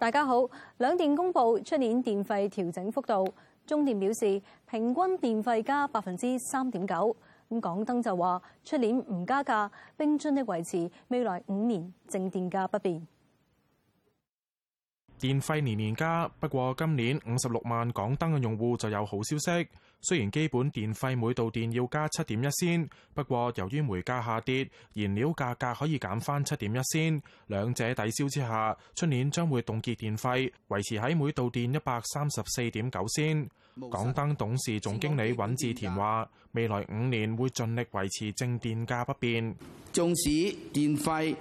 大家好，兩電公布出年電費調整幅度。中電表示平均電費加百分之三點九，咁港燈就話出年唔加價，並盡力維持未來五年淨電價不變。電費年年加，不過今年五十六萬港燈嘅用戶就有好消息。雖然基本電費每度電要加七點一仙，不過由於煤價下跌，燃料價格可以減返七點一仙，兩者抵消之下，出年將會凍結電費，維持喺每度電一百三十四點九仙。港燈董事總經理尹志田話，未來五年會盡力維持正電價不變。縱使電費、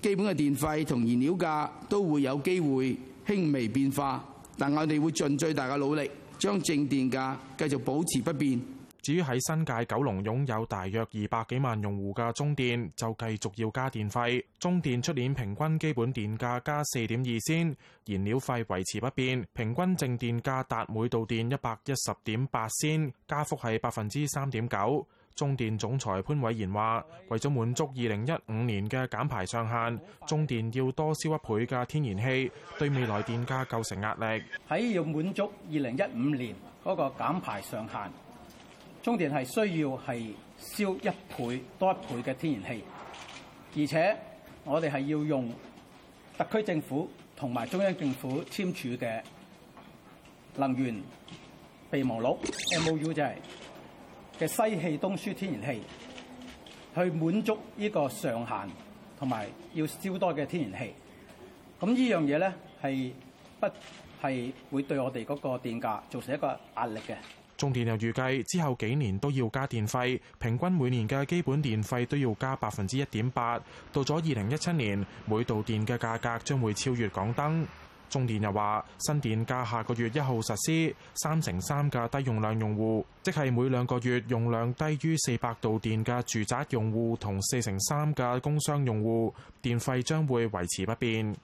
基本嘅電費同燃料價都會有機會輕微變化，但我哋會盡最大嘅努力。將淨電價繼續保持不變。至於喺新界九龍擁有大約二百幾萬用戶嘅中電，就繼續要加電費。中電出年平均基本電價加四點二仙，燃料費維持不變，平均淨電價達每度電一百一十點八仙，加幅係百分之三點九。中電總裁潘偉賢話：為咗滿足二零一五年嘅減排上限，中電要多燒一倍嘅天然氣，對未來電價構成壓力。喺要滿足二零一五年嗰個減排上限，中電係需要係燒一倍多一倍嘅天然氣，而且我哋係要用特區政府同埋中央政府簽署嘅能源備忘錄 MOU 就係、是。嘅西氣東輸天然氣去滿足呢個上限，同埋要燒多嘅天然氣，咁呢樣嘢咧，係不係會對我哋嗰個電價造成一個壓力嘅？中電又預計之後幾年都要加電費，平均每年嘅基本電費都要加百分之一點八。到咗二零一七年，每度電嘅價格將會超越港燈。中電又話，新電價下個月一號實施，三成三嘅低用量用戶，即係每兩個月用量低於四百度電嘅住宅用戶同四成三嘅工商用戶，電費將會維持不變。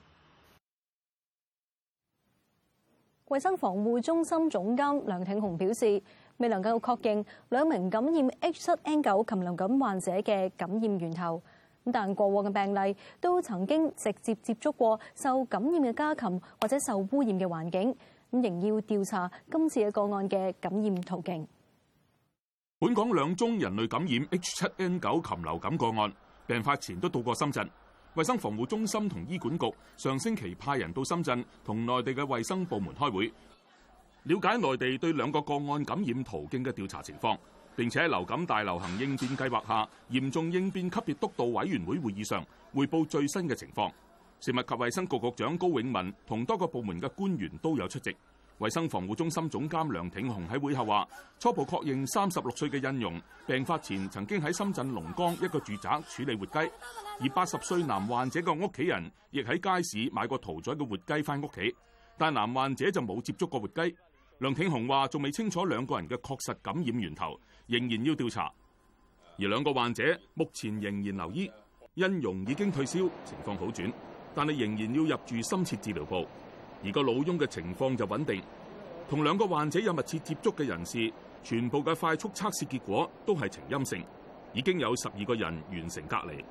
衛生防護中心總監梁挺雄表示，未能夠確認兩名感染 H7N9 禽流感患者嘅感染源頭。但過往嘅病例都曾經直接接觸過受感染嘅家禽或者受污染嘅環境，仍要調查今次嘅個案嘅感染途徑。本港兩宗人類感染 H7N9 禽流感個案，病發前都到過深圳。衛生防護中心同醫管局上星期派人到深圳同內地嘅衛生部門開會，了解內地對兩個個案感染途徑嘅調查情況。並且喺流感大流行應變計劃下，嚴重應變級別，級別督導委員會會議上匯報最新嘅情況。食物及衛生局局長高永文同多個部門嘅官員都有出席。衛生防護中心總監梁挺雄喺會後話：初步確認三十六歲嘅印傭病發前曾經喺深圳龍崗一個住宅處理活雞，而八十歲男患者嘅屋企人亦喺街市買過屠宰嘅活雞返屋企，但男患者就冇接觸過活雞。梁挺雄話：仲未清楚兩個人嘅確實感染源頭。仍然要調查，而兩個患者目前仍然留醫，因容已經退燒，情況好轉，但係仍然要入住深切治療部。而個老翁嘅情況就穩定，同兩個患者有密切接觸嘅人士，全部嘅快速測試結果都係呈陰性，已經有十二個人完成隔離。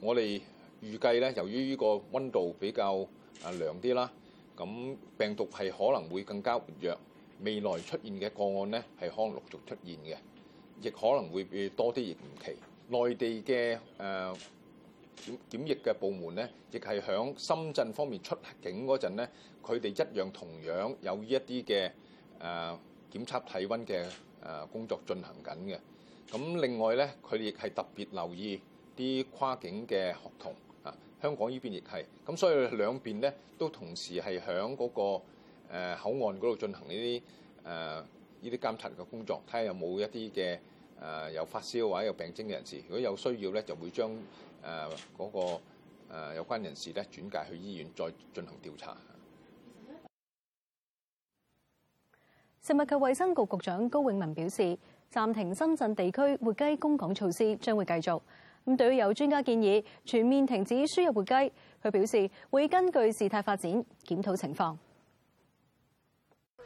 我哋預計咧，由於呢個溫度比較啊涼啲啦，咁病毒係可能會更加活躍。未來出現嘅個案呢，係可能陸續出現嘅，亦可能會變多啲亦唔奇。內地嘅誒、呃、檢檢疫嘅部門呢，亦係響深圳方面出境嗰陣咧，佢哋一樣同樣有依一啲嘅誒檢測體温嘅誒、呃、工作進行緊嘅。咁另外呢，佢哋亦係特別留意啲跨境嘅學童啊，香港呢邊亦係。咁所以兩邊呢都同時係響嗰個。誒口岸嗰度進行呢啲誒呢啲監察嘅工作，睇下有冇一啲嘅誒有發燒或者有病徵嘅人士。如果有需要咧，就會將誒嗰個誒、呃、有關人士咧轉介去醫院，再進行調查。食物及衛生局局長高永文表示，暫停深圳地區活雞供港措施將會繼續，咁對於有專家建議全面停止輸入活雞，佢表示會根據事態發展檢討情況。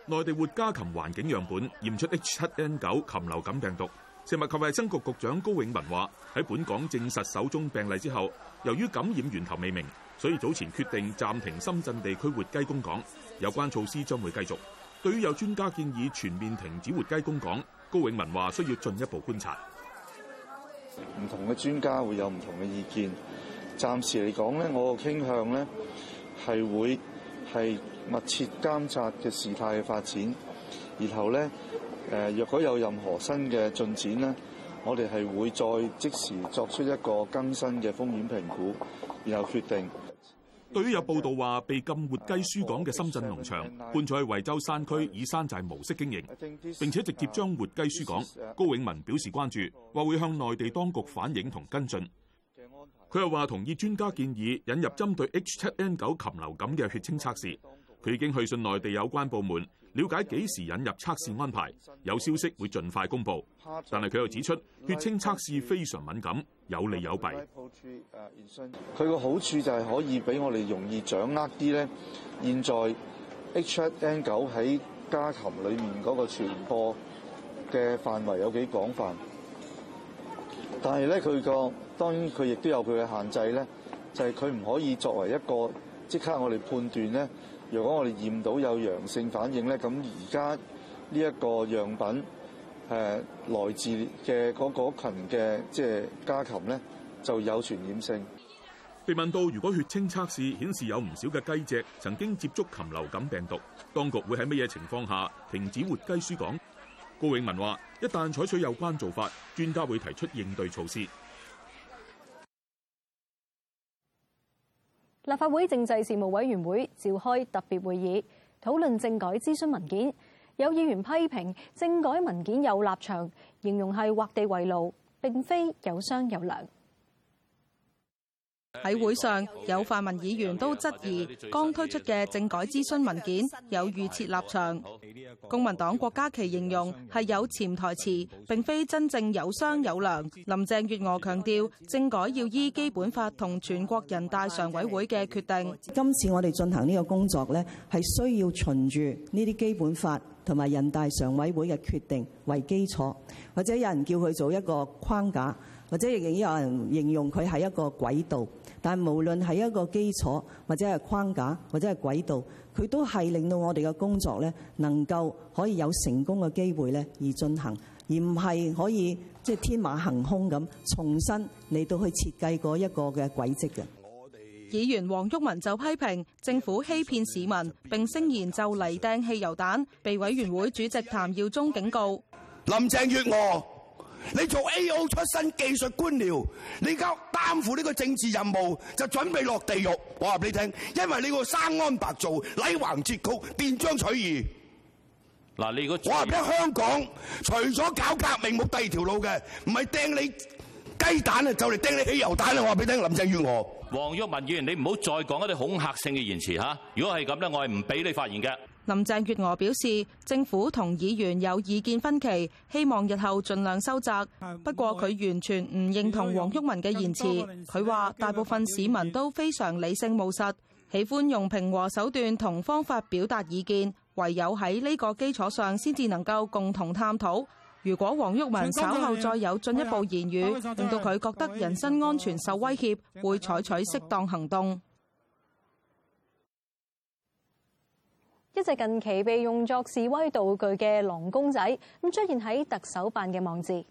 內地活家禽環境樣本驗出 H7N9 禽流感病毒，食物及衞生局局長高永文話：喺本港證實首宗病例之後，由於感染源頭未明，所以早前決定暫停深圳地區活雞供港，有關措施將會繼續。對於有專家建議全面停止活雞供港，高永文話：需要進一步觀察。唔同嘅專家會有唔同嘅意見，暫時嚟講呢我嘅傾向呢係會，係密切監察嘅事態嘅發展，然後呢，誒若果有任何新嘅進展呢，我哋係會再即時作出一個更新嘅風險評估，然後決定。對於有報道話被禁活雞輸港嘅深圳農場，搬咗去惠州山區以山寨模式經營，並且直接將活雞輸港，高永文表示關注，話會向內地當局反映同跟進。佢又話同意專家建議引入針對 H7N9 禽流感嘅血清測試，佢已經去信內地有關部門了解幾時引入測試安排，有消息會盡快公布。但係佢又指出，血清測試非常敏感，有利有弊。佢個好處就係可以俾我哋容易掌握啲咧。現在 H7N9 喺家禽裏面嗰個傳播嘅範圍有幾廣泛，但係咧佢個當然，佢亦都有佢嘅限制咧，就係佢唔可以作為一個即刻我哋判斷咧。如果我哋驗到有陽性反應咧，咁而家呢一個樣品誒、啊、來自嘅嗰個羣嘅即係家禽咧，就有傳染性。被問到如果血清測試顯示有唔少嘅雞隻曾經接觸禽流感病毒，當局會喺乜嘢情況下停止活雞輸港？高永文話：一旦採取有關做法，專家會提出應對措施。立法會政制事務委員會召開特別會議，討論政改諮詢文件。有議員批評政改文件有立場，形容係畫地為牢，並非有商有量。喺會上，有泛民議員都質疑剛推出嘅政改諮詢文件有預設立場。公民黨郭家麒形容係有潛台詞，並非真正有商有量。林鄭月娥強調，政改要依《基本法》同全國人大常委會嘅決定。今次我哋進行呢個工作呢，係需要循住呢啲《基本法》同埋人大常委會嘅決定為基礎，或者有人叫佢做一個框架，或者亦有人形容佢係一個軌道，但係無論係一個基礎，或者係框架，或者係軌道，佢都係令到我哋嘅工作呢，能夠可以有成功嘅機會呢，而進行，而唔係可以即係、就是、天馬行空咁重新嚟到去設計嗰一個嘅軌跡嘅。議員黃毓民就批評政府欺騙市民，並聲言就嚟掟汽油彈，被委員會主席譚耀宗警告。林鄭月娥。你做 A O 出身技術官僚，你而家擔負呢個政治任務，就準備落地獄。我話俾你聽，因為你個生安白造、禮橫折曲、斷章取義。嗱，你如果我話俾你聽，香港除咗搞革命冇第二條路嘅，唔係掟你雞蛋啊，就嚟掟你汽油彈啦！我話俾你聽，林鄭月娥。黃毓民議員，你唔好再講一啲恐嚇性嘅言詞嚇。如果係咁咧，我係唔俾你發言嘅。林鄭月娥表示，政府同議員有意見分歧，希望日後盡量收窄。不過佢完全唔認同黃毓民嘅言辭。佢話大部分市民都非常理性務實，喜歡用平和手段同方法表達意見，唯有喺呢個基礎上先至能夠共同探討。如果黃毓民稍後再有進一步言語，令到佢覺得人身安全受威脅，會採取適當行動。一隻近期被用作示威道具嘅狼公仔咁出現喺特首辦嘅網誌。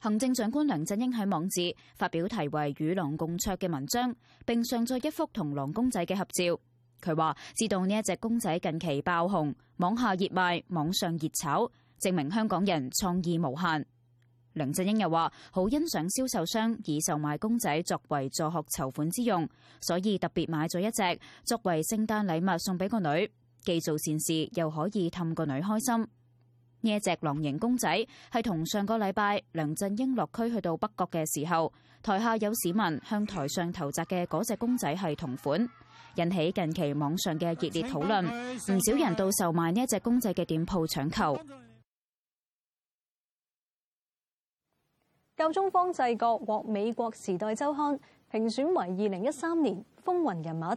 行政長官梁振英喺網誌發表題為《與狼共桌》嘅文章，並上載一幅同狼公仔嘅合照。佢話：知道呢一隻公仔近期爆紅，網下熱賣，網上熱炒，證明香港人創意無限。梁振英又話：好欣賞銷售商以售賣公仔作為助學籌款之用，所以特別買咗一隻作為聖誕禮物送俾個女，既做善事又可以氹個女開心。呢一隻狼形公仔係同上個禮拜梁振英落區去到北角嘅時候，台下有市民向台上投擲嘅嗰隻公仔係同款，引起近期網上嘅熱烈討論，唔少人到售賣呢一隻公仔嘅店鋪搶購。教宗方濟各獲美國《時代周刊》評選為二零一三年風雲人物。《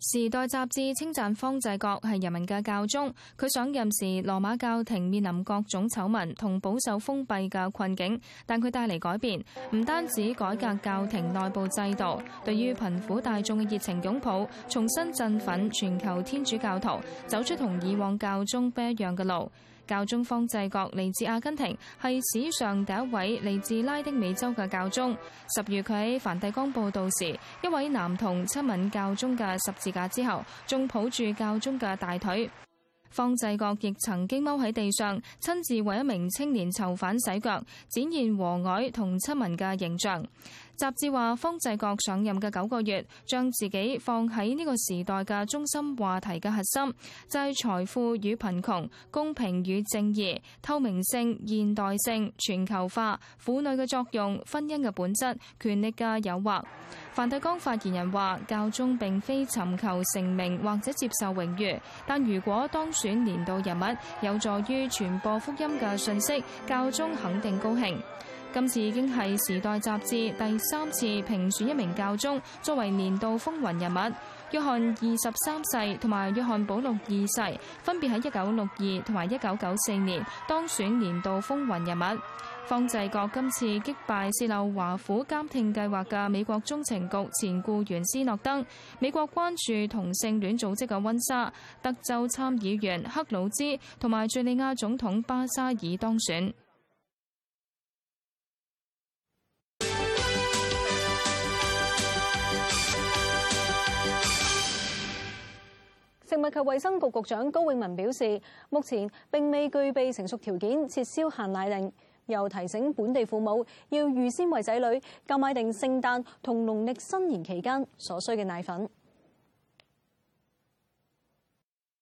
時代》雜誌稱讚方濟各係人民嘅教宗，佢上任時羅馬教廷面臨各種醜聞同保守封閉嘅困境，但佢帶嚟改變，唔單止改革教廷內部制度，對於貧苦大眾嘅熱情擁抱，重新振奮全球天主教徒，走出同以往教宗不一樣嘅路。教宗方濟各嚟自阿根廷，係史上第一位嚟自拉丁美洲嘅教宗。十月佢喺梵蒂岡報道時，一位男童親吻教宗嘅十字架之後，仲抱住教宗嘅大腿。方濟各亦曾經踎喺地上，親自為一名青年囚犯洗腳，展現和藹同親民嘅形象。雜誌話：方濟各上任嘅九個月，將自己放喺呢個時代嘅中心話題嘅核心，就係、是、財富與貧窮、公平與正義、透明性、現代性、全球化、婦女嘅作用、婚姻嘅本質、權力嘅誘惑。梵蒂岡發言人話：教宗並非尋求成名或者接受榮譽，但如果當選年度人物有助於傳播福音嘅信息，教宗肯定高興。今次已經係《時代》雜誌第三次評選一名教宗作為年度風雲人物。約翰二十三世同埋約翰保祿二世分別喺一九六二同埋一九九四年當選年度風雲人物。方濟各今次擊敗泄露華府監聽計劃嘅美國中情局前僱員斯諾登、美國關注同性戀組織嘅温莎、德州參議員克魯茲同埋敘利亞總統巴沙爾當選。食物及衛生局局長高永文表示，目前並未具備成熟條件撤銷限奶令，又提醒本地父母要預先為仔女購買定聖誕同農曆新年期間所需嘅奶粉。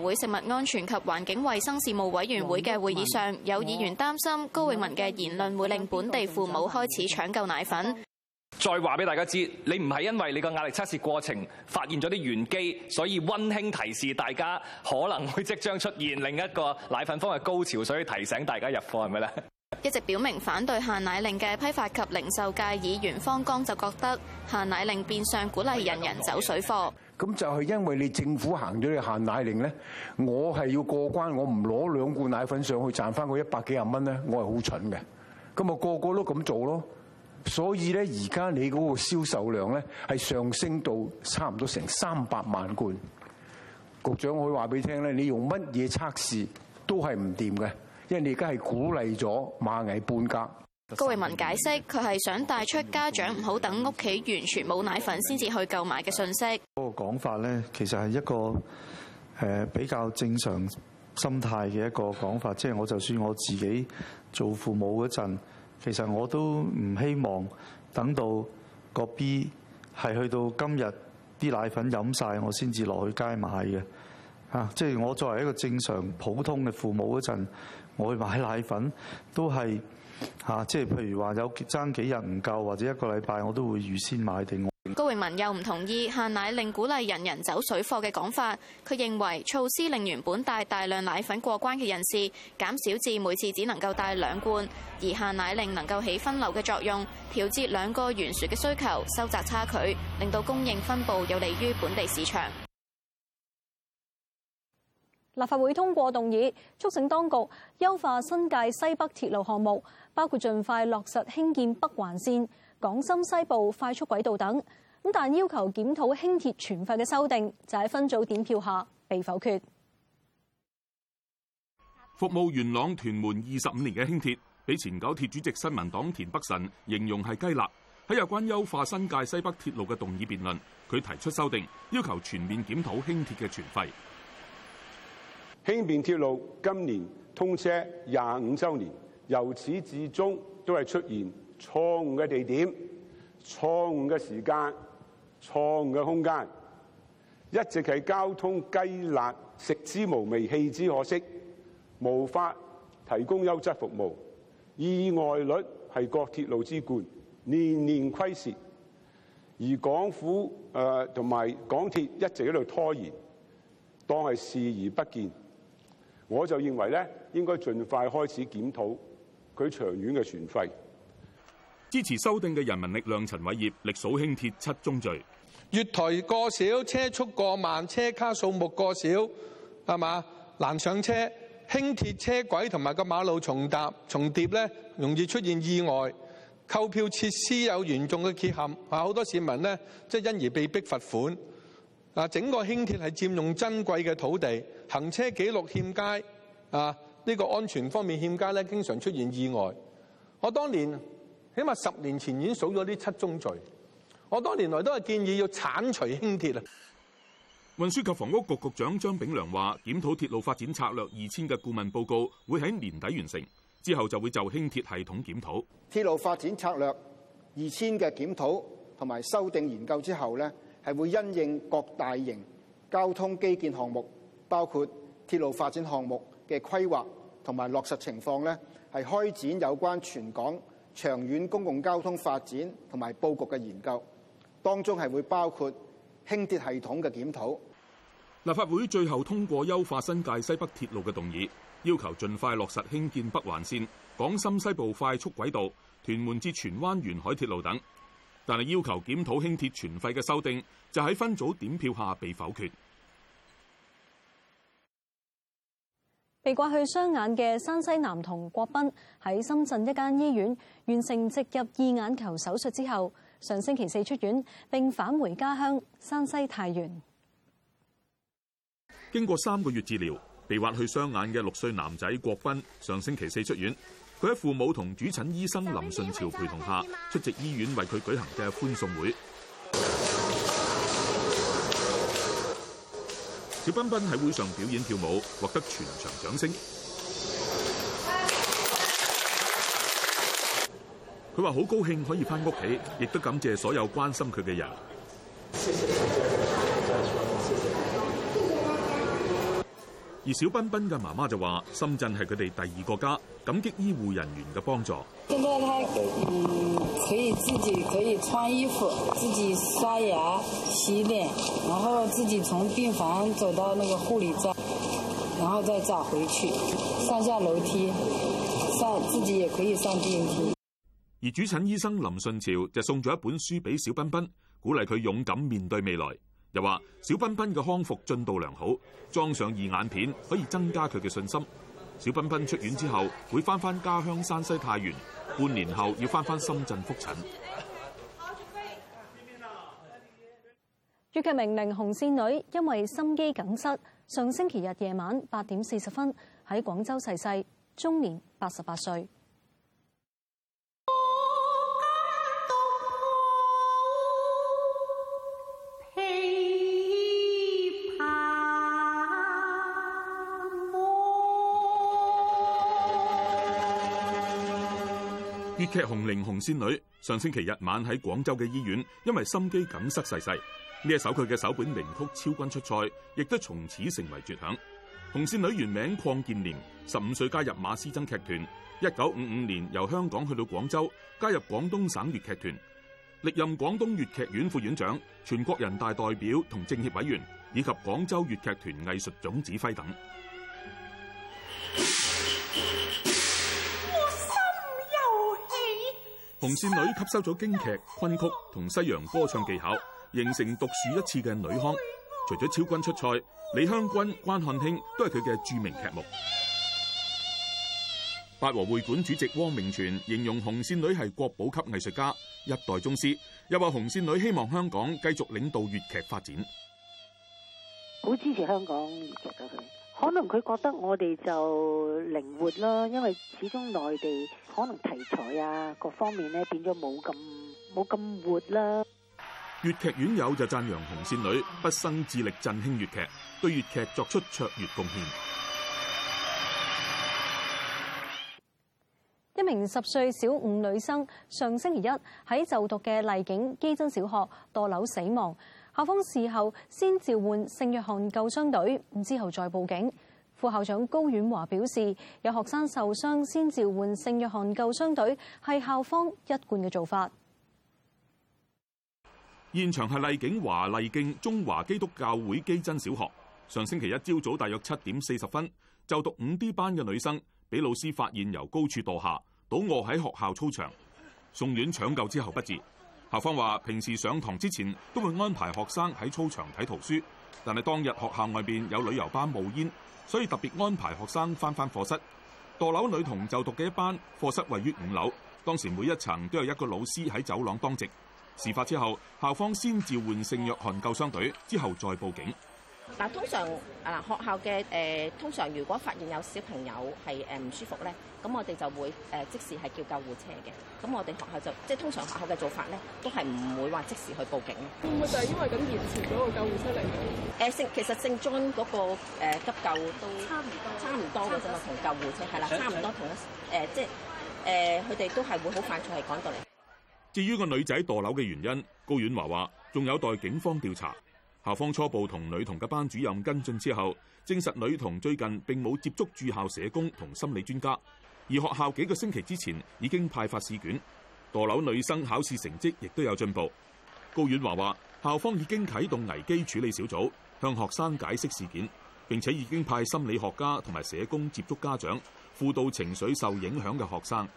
會食物安全及環境衛生事務委員會嘅會議上，有議員擔心高永文嘅言論會令本地父母開始搶購奶粉。再話俾大家知，你唔係因為你個壓力測試過程發現咗啲玄機，所以溫馨提示大家可能會即將出現另一個奶粉方嘅高潮，所以提醒大家入貨係咪咧？一直表明反對限奶令嘅批發及零售界議員方剛就覺得限奶令變相鼓勵人人走水貨。咁就係因為你政府行咗你限奶令咧，我係要過關，我唔攞兩罐奶粉上去賺翻嗰一百幾廿蚊咧，我係好蠢嘅。咁啊，個個都咁做咯，所以咧而家你嗰個銷售量咧係上升到差唔多成三百萬罐。局長，我可以話俾你聽咧，你用乜嘢測試都係唔掂嘅，因為你而家係鼓勵咗螞蟻搬家。高永文解釋：佢係想帶出家長唔好等屋企完全冇奶粉先至去購買嘅信息。嗰個講法咧，其實係一個、呃、比較正常心態嘅一個講法。即係我就算我自己做父母嗰陣，其實我都唔希望等到個 B 係去到今日啲奶粉飲晒，我先至落去街買嘅嚇。即係我作為一個正常普通嘅父母嗰陣，我去買奶粉都係。嚇、啊！即係譬如話，有爭幾日唔夠，或者一個禮拜，我都會預先買定位。高永文又唔同意限奶令鼓勵人人走水貨嘅講法。佢認為措施令原本帶大量奶粉過關嘅人士減少至每次只能夠帶兩罐，而限奶令能夠起分流嘅作用，調節兩個懸殊嘅需求，收窄差距，令到供應分布有利於本地市場。立法會通過動議，促請當局優化新界西北鐵路項目，包括盡快落實興建北環線、港深西部快速軌道等。咁但要求檢討輕鐵全費嘅修訂，就喺分組點票下被否決。服務元朗屯門二十五年嘅輕鐵，俾前九鐵主席新民黨田北辰形容係雞肋。喺有關優化新界西北鐵路嘅動議辯論，佢提出修訂，要求全面檢討輕鐵嘅全費。輕便鐵路今年通車廿五週年，由始至終都係出現錯誤嘅地點、錯誤嘅時間、錯誤嘅空間，一直係交通雞肋，食之無味，棄之可惜，無法提供優質服務。意外率係各鐵路之冠，年年虧蝕，而港府呃同埋港鐵一直喺度拖延，當係視而不見。我就認為咧，應該盡快開始檢討佢長遠嘅船費。支持修訂嘅人民力量陳偉業力數輕鐵七宗罪：月台過少、車速過慢、車卡數目過少，係嘛難上車？輕鐵車軌同埋個馬路重搭、重疊咧，容易出現意外。購票設施有嚴重嘅缺陷，啊，好多市民咧，即係因而被逼罰款。嗱，整個輕鐵係佔用珍貴嘅土地。行車記錄欠佳啊！呢、這個安全方面欠佳咧，經常出現意外。我當年起碼十年前已經數咗呢七宗罪。我多年來都係建議要剷除輕鐵啊。運輸及房屋局局長張炳良話，檢討鐵路發展策略二千嘅顧問報告會喺年底完成，之後就會就輕鐵系統檢討。鐵路發展策略二千嘅檢討同埋修訂研究之後呢，係會因應各大型交通基建項目。包括鐵路發展項目嘅規劃同埋落實情況呢，係開展有關全港長遠公共交通發展同埋佈局嘅研究，當中係會包括輕鐵系統嘅檢討。立法會最後通過優化新界西北鐵路嘅動議，要求盡快落實興建北環線、港深西部快速軌道、屯門至荃灣沿海鐵路等，但係要求檢討輕鐵全費嘅修訂，就喺分組點票下被否決。被刮去雙眼嘅山西男童郭斌喺深圳一間醫院完成植入義眼球手術之後，上星期四出院，並返回家鄉山西太原。經過三個月治療，被挖去雙眼嘅六歲男仔郭斌上星期四出院。佢喺父母同主診醫生林順潮陪同下，出席醫院為佢舉行嘅歡送會。佢斌斌喺會上表演跳舞，獲得全場掌聲。佢話好高興可以返屋企，亦都感謝所有關心佢嘅人。而小斌斌嘅媽媽就話深圳係佢哋第二個家，感激醫護人員嘅幫助。現在他，嗯，可以自己可以穿衣服，自己刷牙、洗臉，然後自己從病房走到那個護理站，然後再走回去，上下樓梯，上自己也可以上電梯。而主診醫生林順潮就送咗一本書俾小斌斌，鼓勵佢勇敢面對未來。又話小斌斌嘅康復進度良好，裝上義眼片可以增加佢嘅信心。小斌斌出院之後會翻返回家鄉山西太原，半年後要翻返回深圳復診。粵劇名伶紅線女因為心肌梗塞，上星期日夜晚八點四十分喺廣州逝世，終年八十八歲。粵劇紅伶紅線女上星期日晚喺廣州嘅醫院，因為心肌梗塞逝世。呢一首佢嘅首本名曲《昭君出塞》，亦都從此成為絕響。紅線女原名鄺健廉，十五歲加入馬師曾劇團，一九五五年由香港去到廣州，加入廣東省粵劇團，歷任廣東粵劇院副院長、全國人大代表同政協委員，以及廣州粵劇團藝術總指揮等。紅線女吸收咗京劇、崑曲同西洋歌唱技巧，形成獨樹一幟嘅女腔。除咗昭君出塞，《李香君》、《關漢卿》都係佢嘅著名劇目。八和會館主席汪明荃形容紅線女係國寶級藝術家、一代宗師，又話紅線女希望香港繼續領導粵劇發展。好支持香港粵劇可能佢覺得我哋就靈活啦，因為始終內地可能題材啊各方面咧變咗冇咁冇咁活啦。粵劇院友就讚揚紅線女畢生致力振興粵劇，對粵劇作出卓越貢獻。一名十歲小五女生上星期一喺就讀嘅麗景基真小學墮樓死亡。校方事後先召喚聖約翰救傷隊，之後再報警。副校長高遠華表示，有學生受傷先召喚聖約翰救傷隊係校方一貫嘅做法。現場係麗景華麗徑中華基督教會基真小學。上星期一朝早，早大約七點四十分，就讀五 D 班嘅女生俾老師發現由高處墮下，倒臥喺學校操場，送院搶救之後不治。校方話：平時上堂之前都會安排學生喺操場睇圖書，但係當日學校外面有旅遊班冒煙，所以特別安排學生翻返課室。墮樓女童就讀嘅一班課室位於五樓，當時每一層都有一個老師喺走廊當值。事發之後，校方先召喚聖約翰救傷隊，之後再報警。嗱，通常啊，學校嘅誒，通常如果發現有小朋友係誒唔舒服咧，咁我哋就會即時係叫救護車嘅。咁我哋學校就即係通常學校嘅做法咧，都係唔會話即時去報警。會唔會就係因為咁延遲咗個救護車嚟到，呃？性其實性質嗰個，呃、急救都差唔多，差唔多嘅啫嘛，同救護車係啦，差唔多同一，呃、即係佢哋都係會好快脆係趕到嚟。至於個女仔墮樓嘅原因，高婉華話仲有待警方調查。校方初步同女童嘅班主任跟進之後，證實女童最近並冇接觸住校社工同心理專家，而學校幾個星期之前已經派發試卷，墮樓女生考試成績亦都有進步。高遠華話，校方已經啟動危機處理小組，向學生解釋事件，並且已經派心理學家同埋社工接觸家長，輔導情緒受影響嘅學生。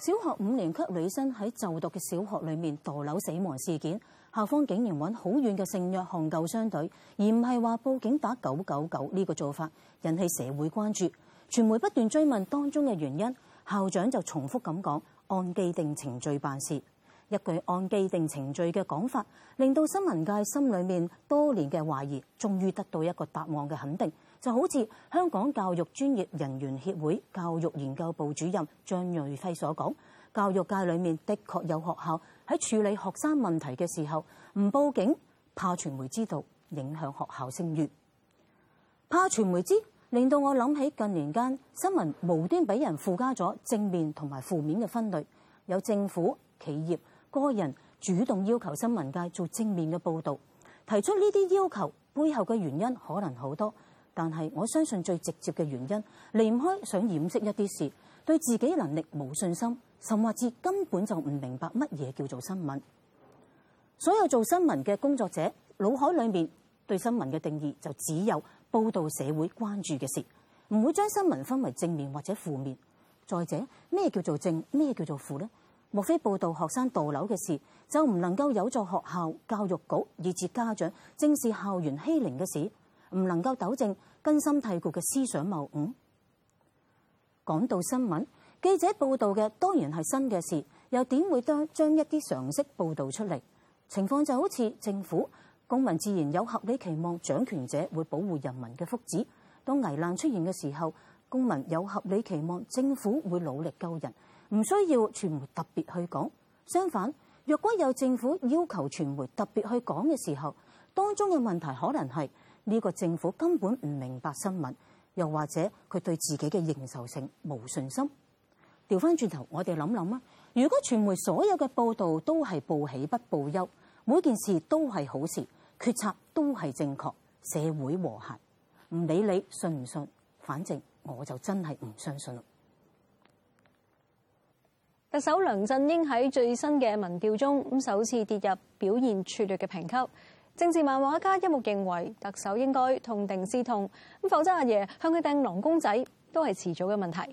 小學五年級女生喺就讀嘅小學裏面墮樓死亡事件，校方竟然揾好遠嘅聖約翰救傷隊，而唔係話報警打九九九呢個做法，引起社會關注。傳媒不斷追問當中嘅原因，校長就重複咁講，按既定程序辦事。一句按既定程序嘅講法，令到新聞界心裏面多年嘅懷疑，終於得到一個答案嘅肯定。就好似香港教育專業人員協會教育研究部主任張瑞輝所講，教育界裏面的確有學校喺處理學生問題嘅時候唔報警，怕傳媒知道影響學校聲譽，怕傳媒知道，令到我諗起近年間新聞無端俾人附加咗正面同埋負面嘅分類，有政府、企業、個人主動要求新聞界做正面嘅報道，提出呢啲要求背後嘅原因可能好多。但係，我相信最直接嘅原因離唔開想掩飾一啲事，對自己能力冇信心，甚或至根本就唔明白乜嘢叫做新聞。所有做新聞嘅工作者腦海裡面對新聞嘅定義就只有報導社會關注嘅事，唔會將新聞分為正面或者負面。再者，咩叫做正，咩叫做負呢？莫非報導學生墮樓嘅事就唔能夠有助學校、教育局以至家長正視校園欺凌嘅事，唔能夠糾正？根深蒂固嘅思想謬誤。講到新聞，記者報道嘅當然係新嘅事，又點會將將一啲常識報道出嚟？情況就好似政府，公民自然有合理期望，掌權者會保護人民嘅福祉。當危難出現嘅時候，公民有合理期望，政府會努力救人，唔需要傳媒特別去講。相反，若果有政府要求傳媒特別去講嘅時候，當中嘅問題可能係。呢、這個政府根本唔明白新聞，又或者佢對自己嘅認受性無信心。調翻轉頭，我哋諗諗啊，如果傳媒所有嘅報道都係報喜不報憂，每件事都係好事，決策都係正確，社會和諧，唔理你信唔信，反正我就真係唔相信啦。特首梁振英喺最新嘅民調中首次跌入表現拙劣嘅評級。政治漫畫家一目認為特首應該痛定思痛，噉否則阿爺向佢掟狼公仔都係遲早嘅問題。